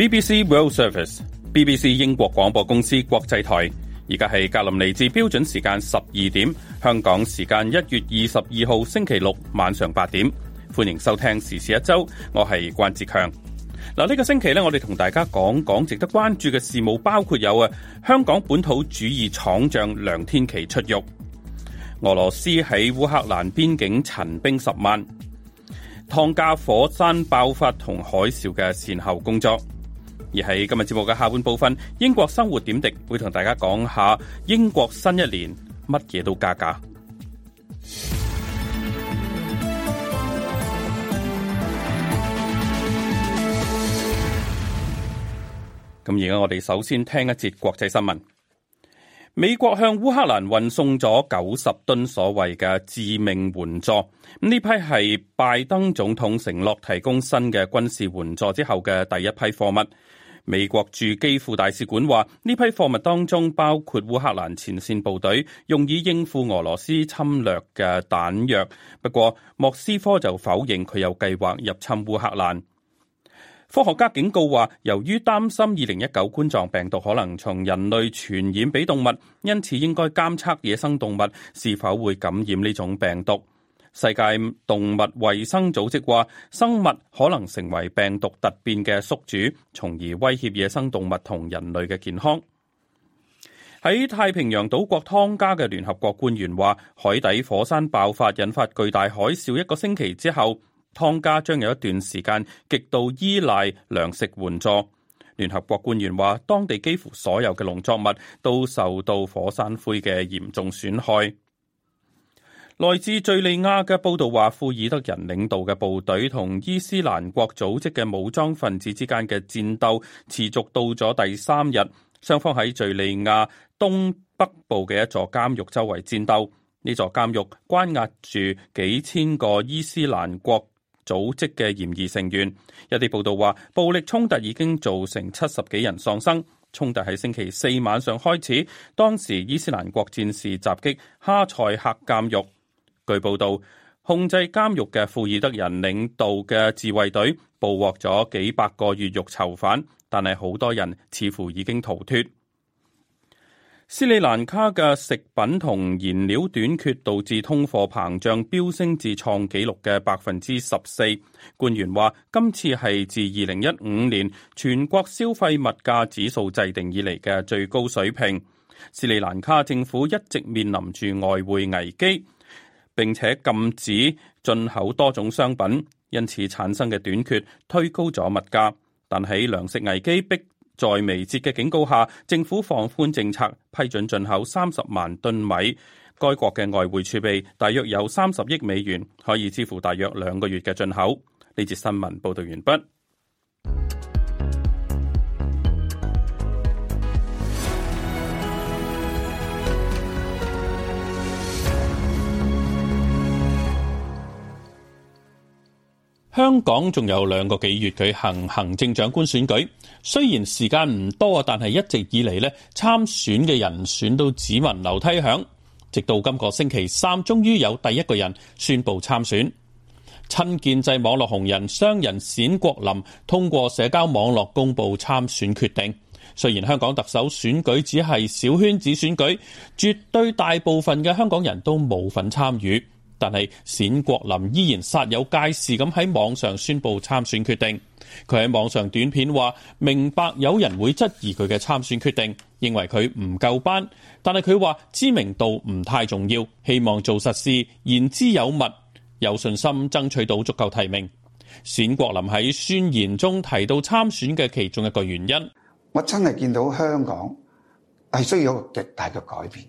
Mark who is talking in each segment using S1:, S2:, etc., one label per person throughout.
S1: BBC World Service，BBC 英國廣播公司國際台。而家係格林尼治標準時間十二點，香港時間一月二十二號星期六晚上八點。歡迎收聽時事一周，我係關志強。嗱，呢個星期咧，我哋同大家講講值得關注嘅事務，包括有啊，香港本土主義闖將梁天琦出獄，俄羅斯喺烏克蘭邊境陳兵十萬，湯加火山爆發同海嘯嘅善後工作。而喺今日節目嘅下半部分，英國生活點滴會同大家講下英國新一年乜嘢都加價。咁而家我哋首先聽一節國際新聞。美國向烏克蘭運送咗九十噸所謂嘅致命援助，呢批係拜登總統承諾提供新嘅軍事援助之後嘅第一批貨物。美國駐基輔大使館話，呢批貨物當中包括烏克蘭前線部隊用以應付俄羅斯侵略嘅彈藥。不過莫斯科就否認佢有計劃入侵烏克蘭。科學家警告話，由於擔心二零一九冠狀病毒可能從人類傳染俾動物，因此應該監測野生動物是否會感染呢種病毒。世界動物衛生組織話，生物可能成為病毒突變嘅宿主，從而威脅野生動物同人類嘅健康。喺太平洋島國湯加嘅聯合國官員話，海底火山爆發引發巨大海嘯一個星期之後，湯加將有一段時間極度依賴糧食援助。聯合國官員話，當地幾乎所有嘅農作物都受到火山灰嘅嚴重損害。來自敘利亞嘅報道話，庫爾德人領導嘅部隊同伊斯蘭國組織嘅武裝分子之間嘅戰鬥持續到咗第三日，雙方喺敘利亞東北部嘅一座監獄周圍戰鬥。呢座監獄關押住幾千個伊斯蘭國組織嘅嫌疑成員。一啲報道話，暴力衝突已經造成七十幾人喪生。衝突喺星期四晚上開始，當時伊斯蘭國戰士襲擊哈塞克監獄。據報道，控制監獄嘅庫爾德人領導嘅自衛隊捕獲咗幾百個越獄囚犯，但係好多人似乎已經逃脫。斯里蘭卡嘅食品同燃料短缺導致通貨膨脹飆升至創紀錄嘅百分之十四。官員話，今次係自二零一五年全國消費物價指數制定以嚟嘅最高水平。斯里蘭卡政府一直面臨住外匯危機。並且禁止進口多種商品，因此產生嘅短缺推高咗物價。但喺糧食危機迫在眉睫嘅警告下，政府放寬政策，批准進口三十萬噸米。該國嘅外匯儲備大約有三十億美元，可以支付大約兩個月嘅進口。呢節新聞報道完畢。香港仲有兩個幾月舉行行政長官選舉，雖然時間唔多，但係一直以嚟呢參選嘅人選都只聞樓梯響，直到今個星期三，終於有第一個人宣布參選。親建制網絡紅人商人冼國林通過社交網絡公布參選決定。雖然香港特首選舉只係小圈子選舉，絕對大部分嘅香港人都冇份參與。但係冼國林依然煞有介事咁喺網上宣布參選決定。佢喺網上短片話：明白有人會質疑佢嘅參選決定，認為佢唔夠班。但係佢話知名度唔太重要，希望做實事，言之有物，有信心爭取到足夠提名。冼國林喺宣言中提到參選嘅其中一個原因，我真係見到香港係需要一個極大嘅改變。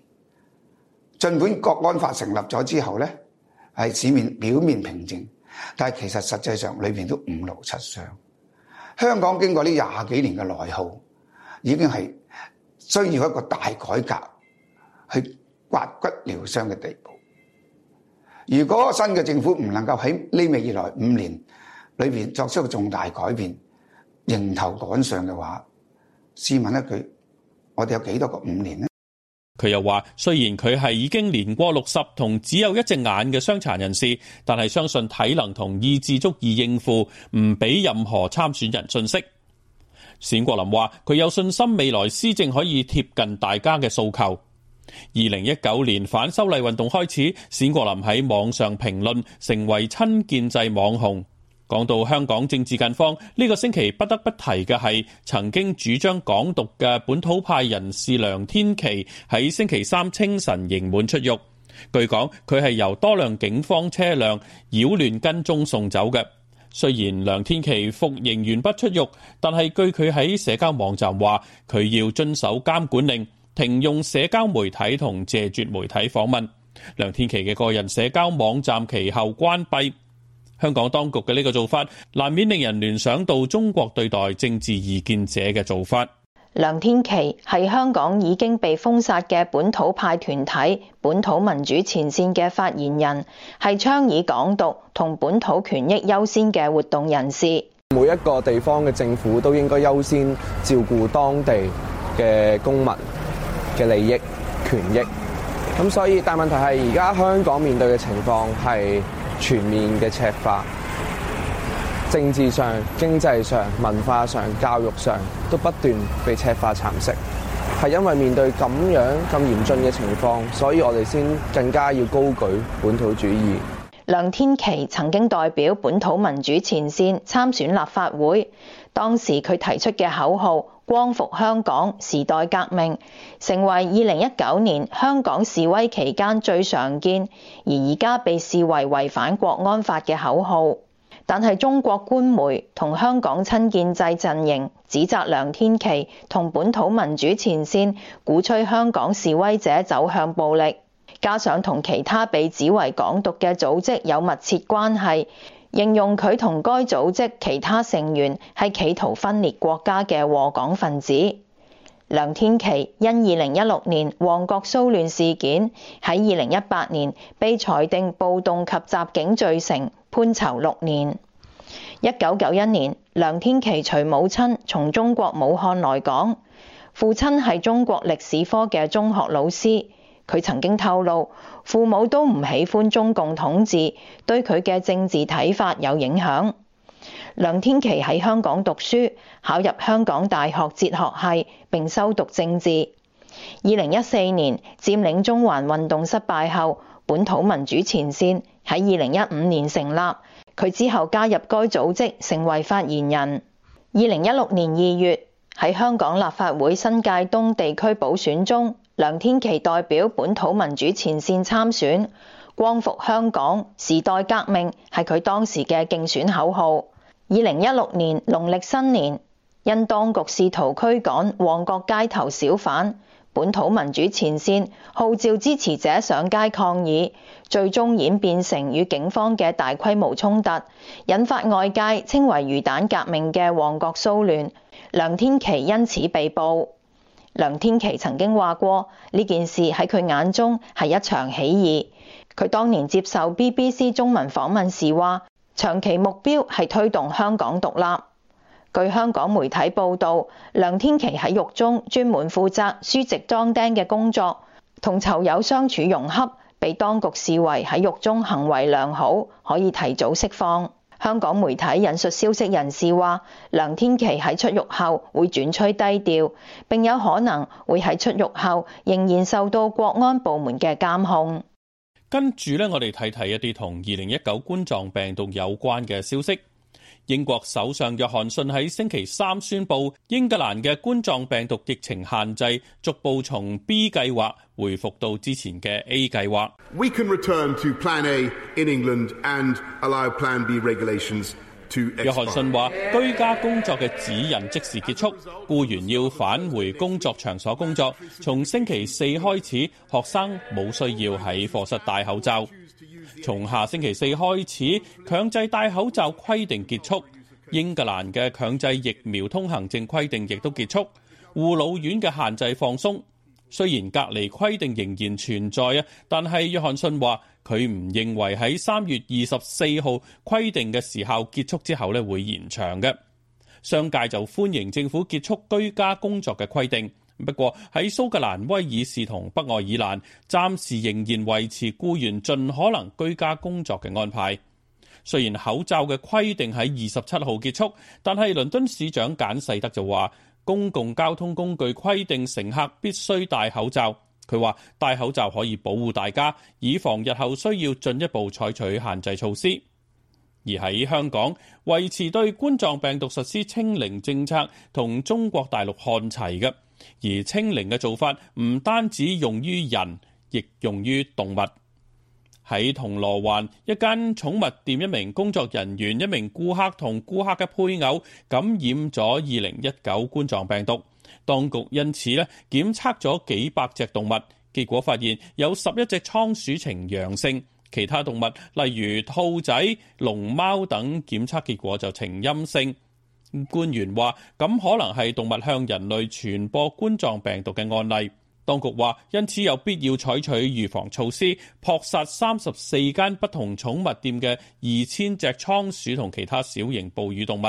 S1: 盡
S2: 管國安法成立咗之後呢。係市面表面平靜，但係其實實際上裏邊都五勞七傷。香港經過呢廿幾年嘅內耗，已經係需要一個大改革去刮骨療傷嘅地步。如果新嘅政府唔能夠喺呢未以來五年裏邊作出個重大改變，迎頭趕上嘅話，試問一句，我哋有幾多個五年呢？
S1: 佢又話：雖然佢係已經年過六十同只有一隻眼嘅傷殘人士，但係相信體能同意志足以應付，唔俾任何參選人信息。冼國林話：佢有信心未來施政可以貼近大家嘅訴求。二零一九年反修例運動開始，冼國林喺網上評論，成為親建制網紅。講到香港政治近況，呢、這個星期不得不提嘅係曾經主張港獨嘅本土派人士梁天琦喺星期三清晨刑滿出獄。據講佢係由多輛警方車輛擾亂跟蹤送走嘅。雖然梁天琦服刑完畢出獄，但係據佢喺社交網站話，佢要遵守監管令，停用社交媒體同謝絕媒體訪問。梁天琦嘅個人社交網站其後關閉。香港當局嘅呢個做法，難免令人聯想到中國對待政治異見者嘅做法。
S3: 梁天琦係香港已經被封殺嘅本土派團體本土民主前線嘅發言人，係倡議港獨同本土權益優先嘅活動人士。
S4: 每一個地方嘅政府都應該優先照顧當地嘅公民嘅利益權益。咁所以，但問題係而家香港面對嘅情況係。全面嘅赤化，政治上、經濟上、文化上、教育上都不斷被赤化蠶食，係因為面對咁樣咁嚴峻嘅情況，所以我哋先更加要高舉本土主義。
S3: 梁天琦曾經代表本土民主前線參選立法會，當時，佢提出嘅口號。光復香港時代革命，成為二零一九年香港示威期間最常見，而而家被視為違反國安法嘅口號。但係中國官媒同香港親建制陣營，指責梁天琦同本土民主前線鼓吹香港示威者走向暴力，加上同其他被指為港獨嘅組織有密切關係。形容佢同該組織其他成員係企圖分裂國家嘅禍港分子。梁天琦因二零一六年旺角騷亂事件，喺二零一八年被裁定暴動及襲警罪成，判囚六年。一九九一年，梁天琦隨母親從中國武漢來港，父親係中國歷史科嘅中學老師。佢曾經透露，父母都唔喜歡中共統治，對佢嘅政治睇法有影響。梁天琦喺香港讀書，考入香港大學哲學系並修讀政治。二零一四年佔領中環運動失敗後，本土民主前線喺二零一五年成立，佢之後加入該組織，成為發言人。二零一六年二月喺香港立法會新界東地區補選中，梁天琦代表本土民主前線參選，光復香港、時代革命係佢當時嘅競選口號。二零一六年農曆新年，因當局試圖驅趕旺角街頭小販，本土民主前線號召支持者上街抗議，最終演變成與警方嘅大規模衝突，引發外界稱為魚蛋革命嘅旺角騷亂。梁天琦因此被捕。梁天琦曾經話過呢件事喺佢眼中係一場起義。佢當年接受 BBC 中文訪問時話，長期目標係推動香港獨立。據香港媒體報道，梁天琦喺獄中專門負責書籍裝釘嘅工作，同囚友相處融洽，被當局視為喺獄中行為良好，可以提早釋放。香港媒體引述消息人士話，梁天琦喺出獄後會轉趨低調，並有可能會喺出獄後仍然受到國安部門嘅監控。
S1: 跟住咧，我哋睇睇一啲同二零一九冠狀病毒有關嘅消息。英國首相約翰遜喺星期三宣布，英格蘭嘅冠狀病毒疫情限制逐步從 B 計劃恢復到之前嘅 A 計劃。We
S2: can return to plan A in England and allow plan B regulations
S1: to expire. 約翰遜話：居家工作嘅指引即時結束，僱員要返回工作場所工作。從星期四開始，學生冇需要喺課室戴口罩。從下星期四開始，強制戴口罩規定結束。英格蘭嘅強制疫苗通行證規定亦都結束，護老院嘅限制放鬆。雖然隔離規定仍然存在啊，但係約翰遜話佢唔認為喺三月二十四號規定嘅時候結束之後呢會延長嘅。商界就歡迎政府結束居家工作嘅規定。不過喺蘇格蘭、威爾士同北愛爾蘭，暫時仍然維持僱員盡可能居家工作嘅安排。雖然口罩嘅規定喺二十七號結束，但係倫敦市長簡世德就話，公共交通工具規定乘客必須戴口罩。佢話戴口罩可以保護大家，以防日後需要進一步採取限制措施。而喺香港，維持對冠狀病毒實施清零政策，同中國大陸看齊嘅。而清零嘅做法唔單止用於人，亦用於動物。喺銅鑼灣一間寵物店，一名工作人員、一名顧客同顧客嘅配偶感染咗二零一九冠狀病毒，當局因此咧檢測咗幾百隻動物，結果發現有十一隻倉鼠呈陽性，其他動物例如兔仔、龍貓等檢測結果就呈陰性。官員話：咁可能係動物向人類傳播冠狀病毒嘅案例。當局話，因此有必要採取預防措施，撲殺三十四間不同寵物店嘅二千隻倉鼠同其他小型哺乳動物。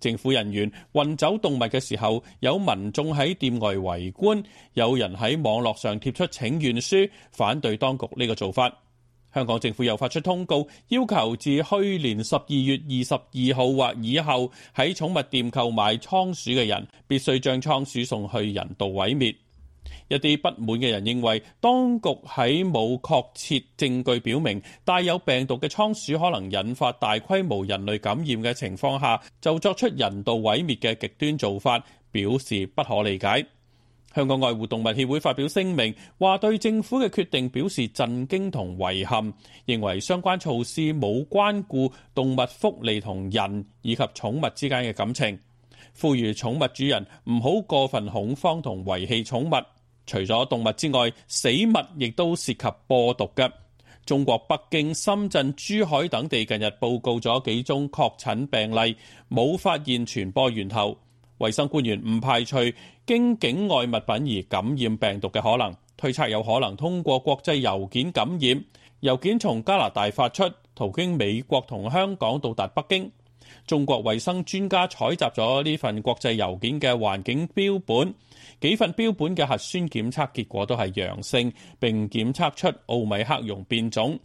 S1: 政府人員運走動物嘅時候，有民眾喺店外圍觀，有人喺網絡上貼出請願書，反對當局呢個做法。香港政府又發出通告，要求自去年十二月二十二號或以後喺寵物店購買倉鼠嘅人，必須將倉鼠送去人道毀滅。一啲不滿嘅人認為當局喺冇確切證據表明帶有病毒嘅倉鼠可能引發大規模人類感染嘅情況下，就作出人道毀滅嘅極端做法，表示不可理解。香港愛護動物協會發表聲明，話對政府嘅決定表示震驚同遺憾，認為相關措施冇關顧動物福利同人以及寵物之間嘅感情，呼籲寵物主人唔好過分恐慌同遺棄寵物。除咗動物之外，死物亦都涉及播毒嘅。中國北京、深圳、珠海等地近日報告咗幾宗確診病例，冇發現傳播源頭。衛生官員唔排除經境外物品而感染病毒嘅可能，推測有可能通過國際郵件感染。郵件從加拿大發出，途經美國同香港到達北京。中國衛生專家採集咗呢份國際郵件嘅環境標本，幾份標本嘅核酸檢測結果都係陽性，並檢測出奧米克戎變種。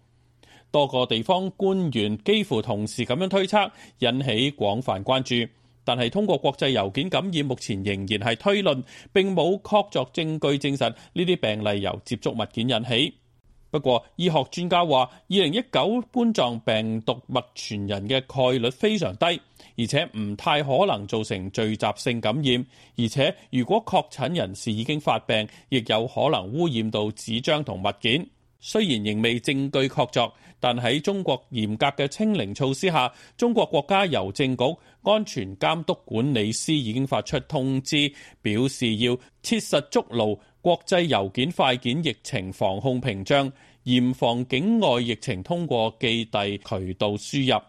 S1: 多個地方官員幾乎同時咁樣推測，引起廣泛關注。但係通過國際郵件感染，目前仍然係推論，並冇確鑿證據證實呢啲病例由接觸物件引起。不過，醫學專家話，二零一九冠狀病毒物傳人嘅概率非常低，而且唔太可能造成聚集性感染。而且，如果確診人士已經發病，亦有可能污染到紙張同物件。雖然仍未證據確鑿，但喺中國嚴格嘅清零措施下，中國國家郵政局安全監督管理司已經發出通知，表示要切實築牢國際郵件快件疫情防控屏障，嚴防境外疫情通過寄遞渠道輸入。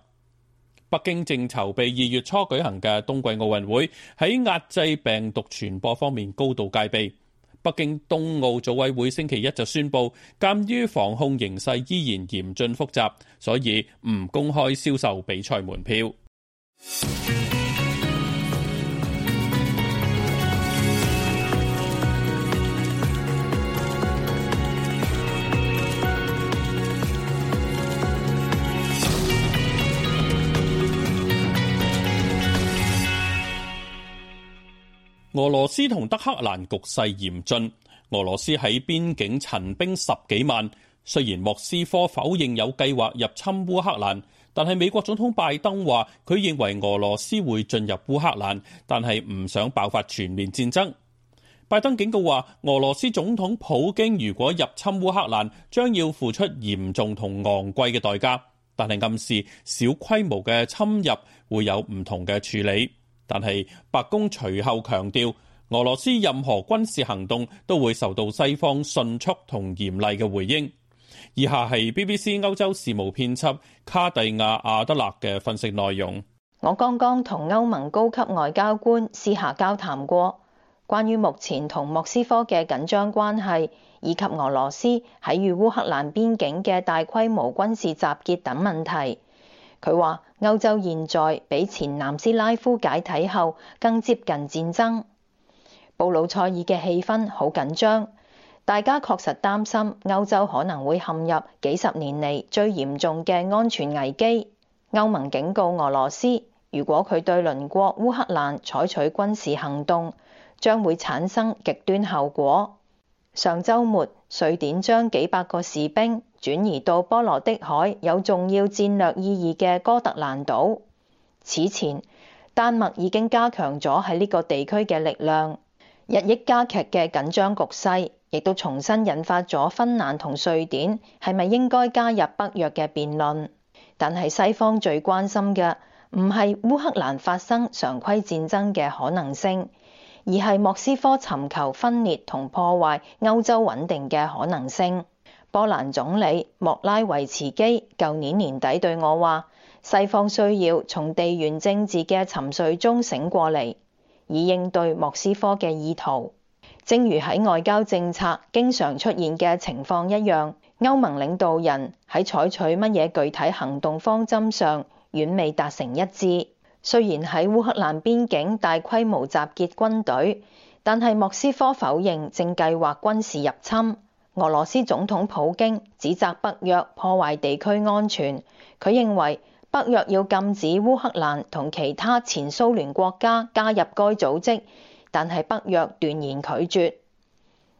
S1: 北京正籌備二月初舉行嘅冬季奧運會，喺壓制病毒傳播方面高度戒備。北京冬奧組委會星期一就宣布，鑒於防控形勢依然嚴峻複雜，所以唔公開銷售比賽門票。俄羅斯同烏克蘭局勢嚴峻，俄羅斯喺邊境陳兵十幾萬。雖然莫斯科否認有計劃入侵烏克蘭，但係美國總統拜登話佢認為俄羅斯會進入烏克蘭，但係唔想爆發全面戰爭。拜登警告話俄羅斯總統普京如果入侵烏克蘭，將要付出嚴重同昂貴嘅代價，但係暗示小規模嘅侵入會有唔同嘅處理。但係白宮隨後強調，俄羅斯任何軍事行動都會受到西方迅速同嚴厲嘅回應。以下係 BBC 歐洲事務編輯卡蒂亞阿德勒嘅分析內容。
S3: 我剛剛同歐盟高級外交官私下交談過關於目前同莫斯科嘅緊張關係以及俄羅斯喺與烏克蘭邊境嘅大規模軍事集結等問題，佢話。歐洲現在比前南斯拉夫解體後更接近戰爭。布魯塞爾嘅氣氛好緊張，大家確實擔心歐洲可能會陷入幾十年嚟最嚴重嘅安全危機。歐盟警告俄羅斯，如果佢對鄰國烏克蘭採取軍事行動，將會產生極端後果。上周末，瑞典將幾百個士兵。轉移到波羅的海有重要戰略意義嘅哥特蘭島。此前，丹麥已經加強咗喺呢個地區嘅力量，日益加劇嘅緊張局勢，亦都重新引發咗芬蘭同瑞典係咪應該加入北約嘅辯論。但係西方最關心嘅唔係烏克蘭發生常規戰爭嘅可能性，而係莫斯科尋求分裂同破壞歐洲穩定嘅可能性。波蘭總理莫拉維茨基舊年年底對我話：西方需要從地緣政治嘅沉睡中醒過嚟，以應對莫斯科嘅意圖。正如喺外交政策經常出現嘅情況一樣，歐盟領導人喺採取乜嘢具體行動方針上遠未達成一致。雖然喺烏克蘭邊境大規模集結軍隊，但係莫斯科否認正計劃軍事入侵。俄羅斯總統普京指責北約破壞地區安全，佢認為北約要禁止烏克蘭同其他前蘇聯國家加入該組織，但係北約斷然拒絕。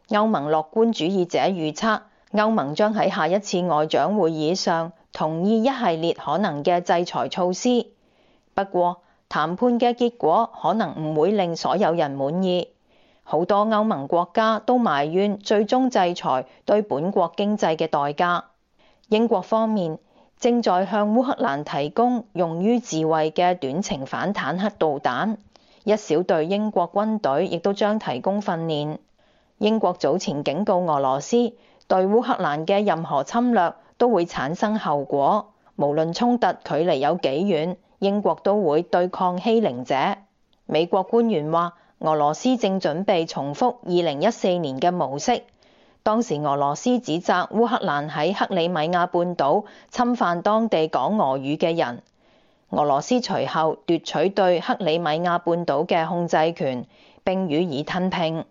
S3: 歐盟樂觀主義者預測，歐盟將喺下一次外長會議上同意一系列可能嘅制裁措施，不過談判嘅結果可能唔會令所有人滿意。好多歐盟國家都埋怨，最終制裁對本國經濟嘅代價。英國方面正在向烏克蘭提供用於自衛嘅短程反坦克導彈，一小隊英國軍隊亦都將提供訓練。英國早前警告俄羅斯，對烏克蘭嘅任何侵略都會產生後果，無論衝突距離有幾遠，英國都會對抗欺凌者。美國官員話。俄羅斯正準備重複二零一四年嘅模式，當時俄羅斯指責烏克蘭喺克里米亞半島侵犯當地講俄語嘅人。俄羅斯隨後奪取對克里米亞半島嘅控制權，並予以吞併。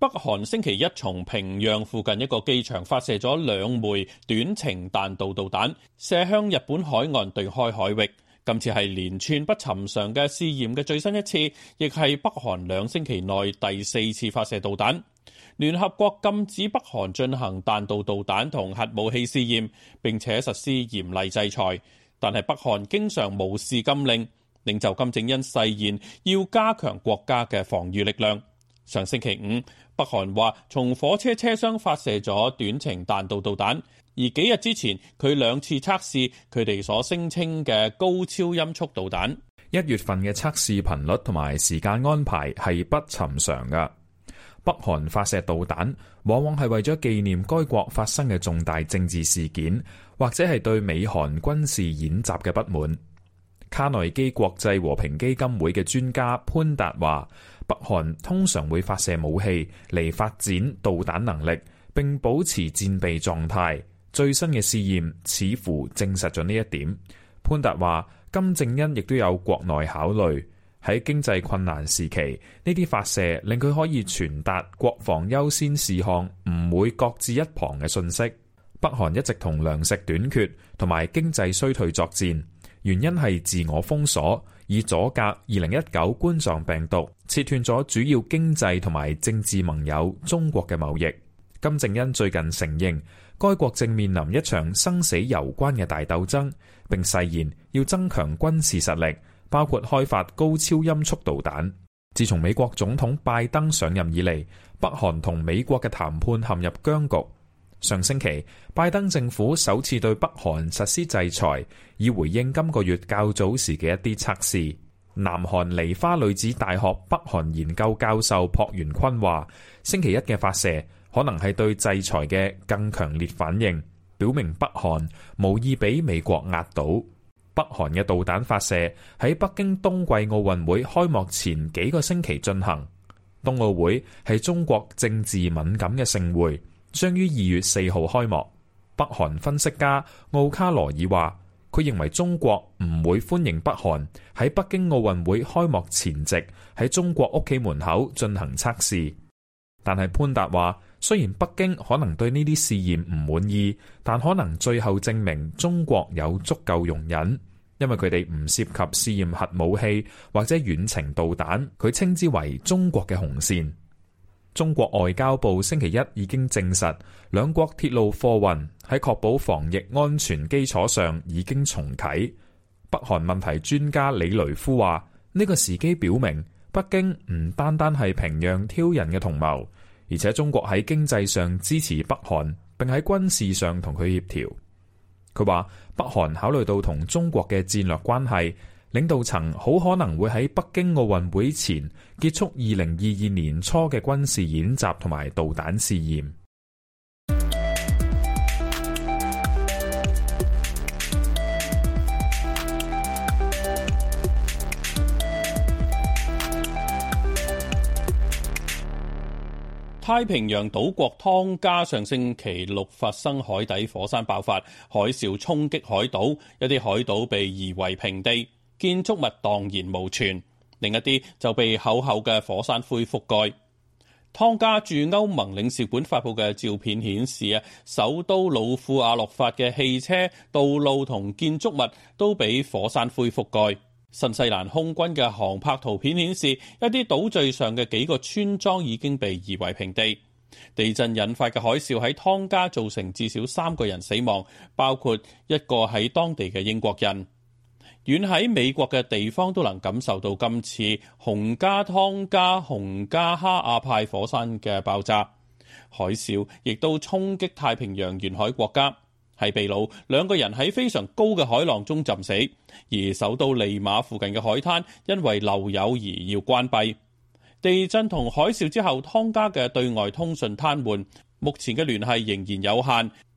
S1: 北韓星期一從平壤附近一個機場發射咗兩枚短程彈道導彈，射向日本海岸對開海域。今次係連串不尋常嘅試驗嘅最新一次，亦係北韓兩星期內第四次發射導彈。聯合國禁止北韓進行彈道導彈同核武器試驗，並且實施嚴厲制裁。但係北韓經常無視禁令，領袖金正恩誓言要加強國家嘅防禦力量。上星期五，北韓話從火車車廂發射咗短程彈道導彈，而幾日之前佢兩次測試佢哋所聲稱嘅高超
S4: 音速導彈。一月份嘅測試頻率同埋時間安排係不尋常㗎。北韓發射導彈往往係為咗紀念該國發生嘅重大政治事件，或者係對美韓軍事演習嘅不滿。卡內基國際和平基金會嘅專家潘達話，北韓通常會發射武器嚟發展導彈能力，並保持戰備狀態。最新嘅試驗似乎證實咗呢一點。潘達話，金正恩亦都有國內考慮，喺經濟困難時期，呢啲發射令佢可以傳達國防優先事項，唔會擱置一旁嘅信息。北韓一直同糧食短缺同埋經濟衰退作戰。原因係自我封鎖，以阻隔二零一九冠狀病毒，切斷咗主要經濟同埋政治盟友中國嘅貿易。金正恩最近承認，該國正面臨一場生死攸關嘅大鬥爭，並誓言要增強軍事實力，包括開發高超音速導彈。自從美國總統拜登上任以嚟，北韓同美國嘅談判陷入僵局。上星期，拜登政府首次對北韓實施制裁，以回應今個月較早時嘅一啲測試。南韓梨花女子大學北韓研究教授朴元坤話，星期一嘅發射可能係對制裁嘅更強烈反應，表明北韓無意俾美國壓倒。北韓嘅導彈發射喺北京冬季奧運會開幕前幾個星期進行，冬奧會係中國政治敏感嘅盛會。將於二月四號開幕。北韓分析家奧卡羅爾話，佢認為中國唔會歡迎北韓喺北京奧運會開幕前夕喺中國屋企門口進行測試。但係潘達話，雖然北京可能對呢啲試驗唔滿意，但可能最後證明中國有足夠容忍，因為佢哋唔涉及試驗核武器或者遠程導彈。佢稱之為中國嘅紅線。中國外交部星期一已經證實，兩國鐵路貨運喺確保防疫安全基礎上已經重啟。北韓問題專家李雷夫話：呢個時機表明，北京唔單單係平壤挑人嘅同謀，而且中國喺經濟上支持北韓，並喺軍事上同佢協調。佢話北韓考慮到同中國嘅戰略關係。領導層好可能會喺北京奧運會前結束二零二二年初嘅軍事演習同埋導彈試驗。
S1: 太平洋島國湯加上星期六發生海底火山爆發，海嘯衝擊海島，一啲海島被夷為平地。建築物蕩然無存，另一啲就被厚厚嘅火山灰覆蓋。湯加駐歐盟領事館發布嘅照片顯示，啊，首都老庫阿洛法嘅汽車、道路同建築物都被火山灰覆蓋。新西蘭空軍嘅航拍圖片顯示，一啲島嶼上嘅幾個村莊已經被夷為平地。地震引發嘅海嘯喺湯加造成至少三個人死亡，包括一個喺當地嘅英國人。遠喺美國嘅地方都能感受到今次洪加湯加洪加哈亞派火山嘅爆炸。海嘯亦都衝擊太平洋沿海國家。喺秘魯，兩個人喺非常高嘅海浪中浸死，而首都利馬附近嘅海灘因為漏油而要關閉。地震同海嘯之後，湯加嘅對外通訊癱瘓，目前嘅聯繫仍然有限。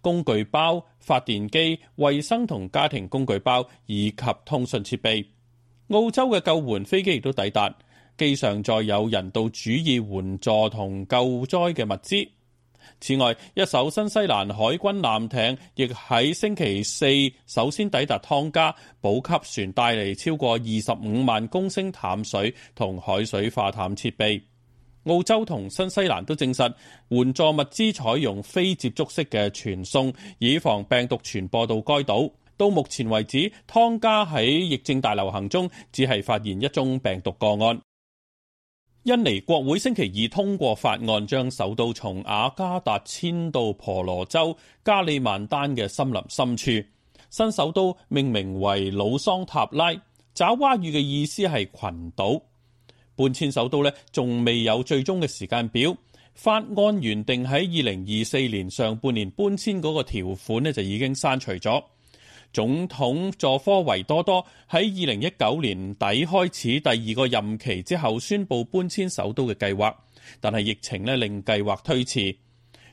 S1: 工具包、發電機、衛生同家庭工具包以及通訊設備。澳洲嘅救援飛機亦都抵達，機上載有人道主義援助同救災嘅物資。此外，一艘新西蘭海軍艦艇亦喺星期四首先抵達湯加，補給船帶嚟超過二十五萬公升淡水同海水化淡設備。澳洲同新西蘭都證實援助物資採用非接觸式嘅傳送，以防病毒傳播到該島。到目前為止，湯加喺疫症大流行中只係發現一宗病毒個案。印尼國會星期二通過法案，將首都從雅加達遷到婆羅洲加里曼丹嘅森林深處，新首都命名為努桑塔拉，爪哇語嘅意思係群島。搬遷首都呢，仲未有最終嘅時間表。法案原定喺二零二四年上半年搬遷嗰個條款呢，就已經刪除咗。總統佐科維多多喺二零一九年底開始第二個任期之後，宣布搬遷首都嘅計劃，但係疫情呢，令計劃推遲。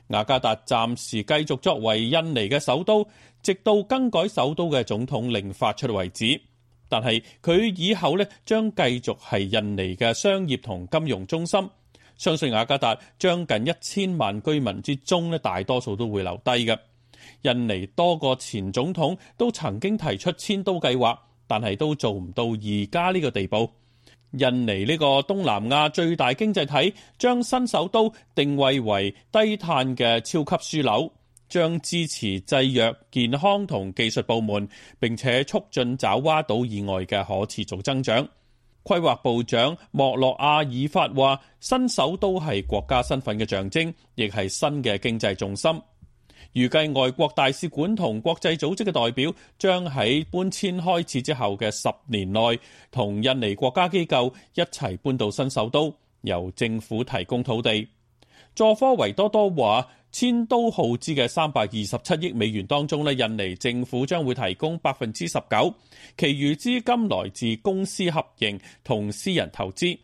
S1: 雅加達暫時繼續作為印尼嘅首都，直到更改首都嘅總統令發出為止。但係佢以後咧將繼續係印尼嘅商業同金融中心，相信雅加達將近一千萬居民之中咧大多數都會留低嘅。印尼多個前總統都曾經提出遷都計劃，但係都做唔到而家呢個地步。印尼呢個東南亞最大經濟體將新首都定位為低碳嘅超級樞紐。將支持製藥、健康同技術部門，並且促進爪哇島以外嘅可持續增長。規劃部長莫洛阿爾法話：新首都係國家身份嘅象徵，亦係新嘅經濟重心。預計外國大使館同國際組織嘅代表將喺搬遷開始之後嘅十年內，同印尼國家機構一齊搬到新首都，由政府提供土地。佐科維多多話。遷都耗資嘅三百二十七億美元當中咧，印尼政府將會提供百分之十九，其餘資金來自公司合營同私人投資。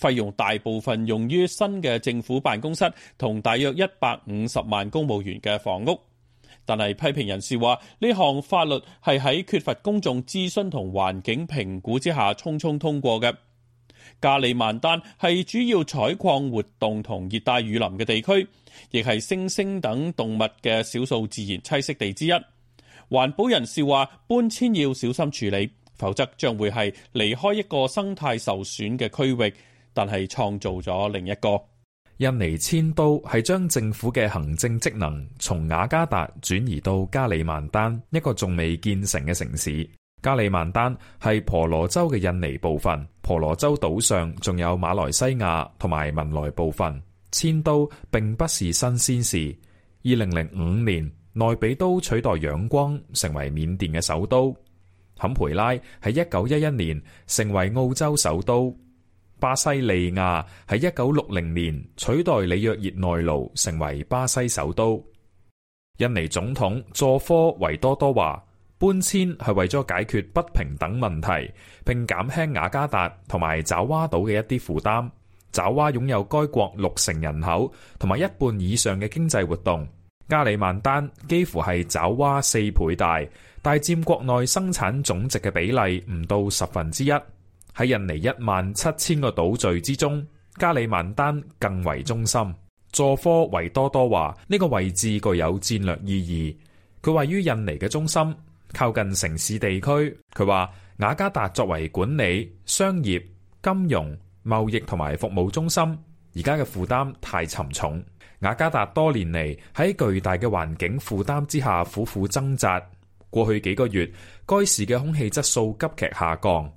S1: 費用大部分用於新嘅政府辦公室同大約一百五十萬公務員嘅房屋。但係批評人士話呢項法律係喺缺乏公眾諮詢同環境評估之下匆匆通過嘅。加里曼丹係主要採礦活動同熱帶雨林嘅地區，亦係猩猩等動物嘅少數自然棲息地之一。環保人士話搬遷要小心處理，否則將會係離開一個生態受損嘅區域，
S4: 但係創造咗另一個。印尼遷都係將政府嘅行政職能從雅加達轉移到加里曼丹一個仲未建成嘅城市。加里曼丹係婆羅洲嘅印尼部分，婆羅洲島上仲有馬來西亞同埋文萊部分。遷都並不是新鮮事。二零零五年，內比都取代仰光成為緬甸嘅首都。坎培拉喺一九一一年成為澳洲首都。巴西利亞喺一九六零年取代里約熱內盧成為巴西首都。印尼總統佐科維多多話搬遷係為咗解決不平等問題，並減輕雅加達同埋爪哇島嘅一啲負擔。爪哇擁有該國六成人口同埋一半以上嘅經濟活動。加里曼丹幾乎係爪哇四倍大，但佔國內生產總值嘅比例唔到十分之一。喺印尼一萬七千個島嶼之中，加里曼丹更為中心。佐科維多多話：呢個位置具有戰略意義，佢位於印尼嘅中心。靠近城市地區，佢話雅加達作為管理、商業、金融、貿易同埋服務中心，而家嘅負擔太沉重。雅加達多年嚟喺巨大嘅環境負擔之下苦苦掙扎。過去幾個月，該市嘅空氣質素急劇下降，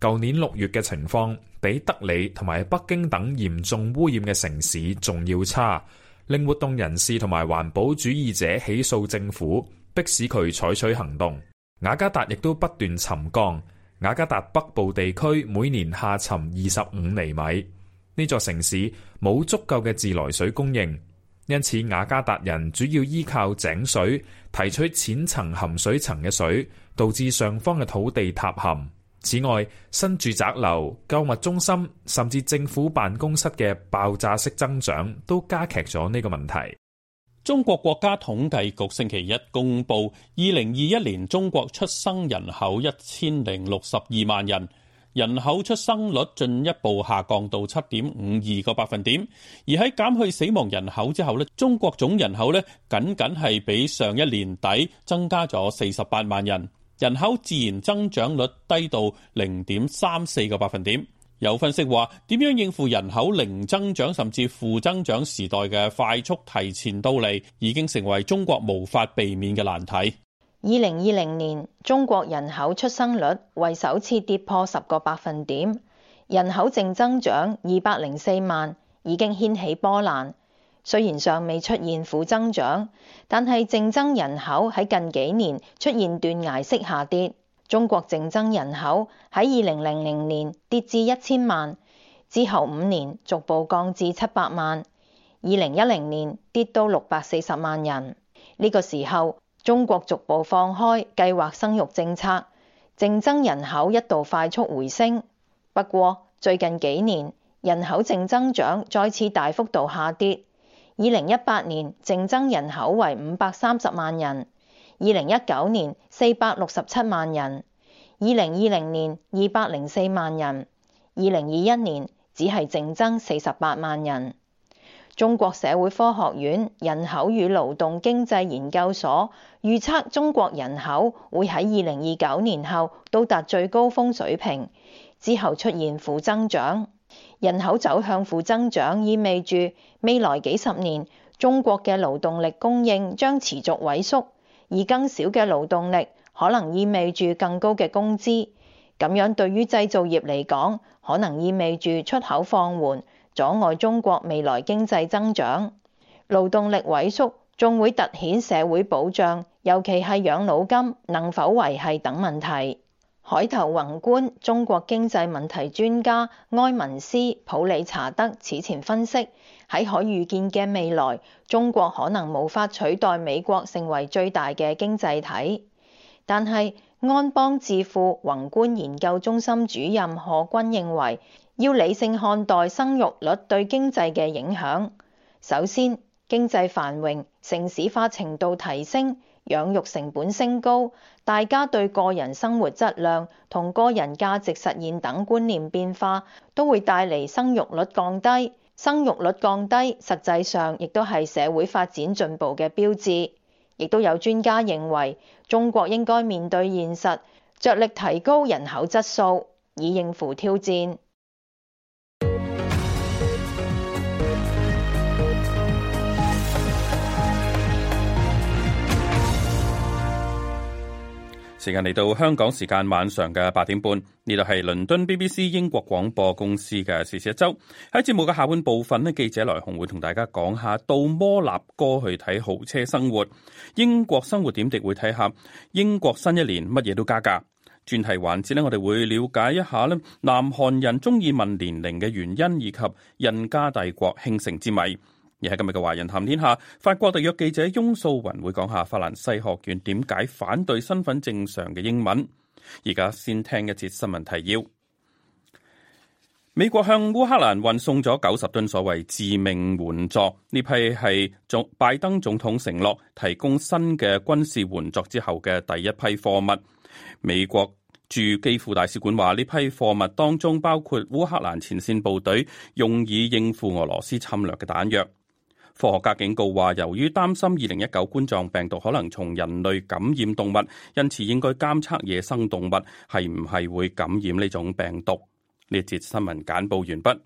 S4: 舊年六月嘅情況比德里同埋北京等嚴重污染嘅城市仲要差，令活動人士同埋環保主義者起訴政府。迫使佢採取行動，雅加達亦都不斷沉降。雅加達北部地區每年下沉二十五厘米。呢座城市冇足夠嘅自來水供應，因此雅加達人主要依靠井水提取淺層含水層嘅水，導致上方嘅土地塌陷。此外，新住宅樓、購物中心甚至政府辦公室嘅爆炸式增長，都加劇咗呢個問題。中國國家統計局星期一公布，二零二一年中國出生
S1: 人口一千零六十二萬人，人口出生率進一步下降到七點五二個百分點。而喺減去死亡人口之後咧，中國總人口咧僅僅係比上一年底增加咗四十八萬人，人口自然增長率低到零點三四個百分點。有分析話，點樣應付人口零增長甚至負增長時代嘅快速提前到嚟，已經成為中國無法避免嘅難題。
S3: 二零二零年，中國人口出生率為首次跌破十個百分點，人口淨增長二百零四萬，已經掀起波瀾。雖然尚未出現負增長，但係淨增人口喺近幾年出現斷崖式下跌。中國淨增人口喺二零零零年跌至一千萬，之後五年逐步降至七百萬。二零一零年跌到六百四十萬人。呢、這個時候，中國逐步放開計劃生育政策，淨增人口一度快速回升。不過最近幾年，人口淨增長再次大幅度下跌。二零一八年淨增人口為五百三十萬人。二零一九年四百六十七萬人，二零二零年二百零四萬人，二零二一年只係淨增四十八萬人。中國社會科學院人口與勞動經濟研究所預測，中國人口會喺二零二九年後到達最高峰水平，之後出現負增長。人口走向負增長意味住未來幾十年中國嘅勞動力供應將持續萎縮。以更少嘅勞動力可，可能意味住更高嘅工資，咁樣對於製造業嚟講，可能意味住出口放緩，阻礙中國未來經濟增長。勞動力萎縮，仲會凸顯社會保障，尤其係養老金能否維繫等問題。海頭宏觀中國經濟問題專家埃文斯普里查德此前分析，喺可預見嘅未來，中國可能無法取代美國成為最大嘅經濟體。但係安邦智庫宏觀研究中心主任賀軍認為，要理性看待生育率對經濟嘅影響。首先，經濟繁榮、城市化程度提升。養育成本升高，大家對個人生活質量同個人價值實現等觀念變化，都會帶嚟生育率降低。生育率降低，實際上亦都係社會發展進步嘅標誌。亦都有專家認為，中國應該面對現實，着力提高人口質素，以應付挑戰。
S1: 時間嚟到香港時間晚上嘅八點半，呢度係倫敦 BBC 英國廣播公司嘅時事一周。喺節目嘅下半部分呢，記者來鴻會同大家講下到摩納哥去睇豪奢生活。英國生活點滴會睇下英國新一年乜嘢都加價。專題環節呢，我哋會了解一下咧南韓人中意問年齡嘅原因，以及印加帝國興盛之謎。而喺今日嘅華人談天下，法國特約記者翁素云會講下法蘭西學院點解反對身份證上嘅英文。而家先聽一節新聞提要。美國向烏克蘭運送咗九十噸所謂致命援助，呢批係總拜登總統承諾提供新嘅軍事援助之後嘅第一批貨物。美國駐基輔大使館話，呢批貨物當中包括烏克蘭前線部隊用以應付俄羅斯侵略嘅彈藥。科學家警告話，由於擔心二零一九冠狀病毒可能從人類感染動物，因此應該監測野生動物係唔係會感染呢種病毒。呢節新聞簡報完畢。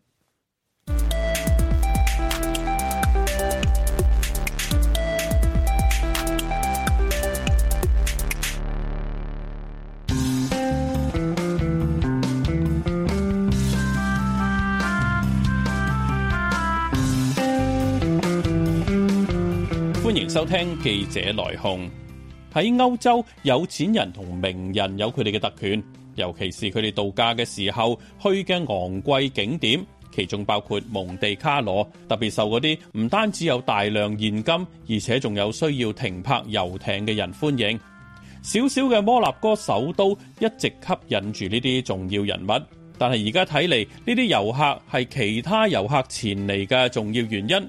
S1: 收聽記者來鴻。喺歐洲，有錢人同名人有佢哋嘅特權，尤其是佢哋度假嘅時候去嘅昂貴景點，其中包括蒙地卡羅，特別受嗰啲唔單止有大量現金，而且仲有需要停泊遊艇嘅人歡迎。小小嘅摩納哥首都一直吸引住呢啲重要人物，但係而家睇嚟，呢啲遊客係其他遊客前嚟嘅重要原因。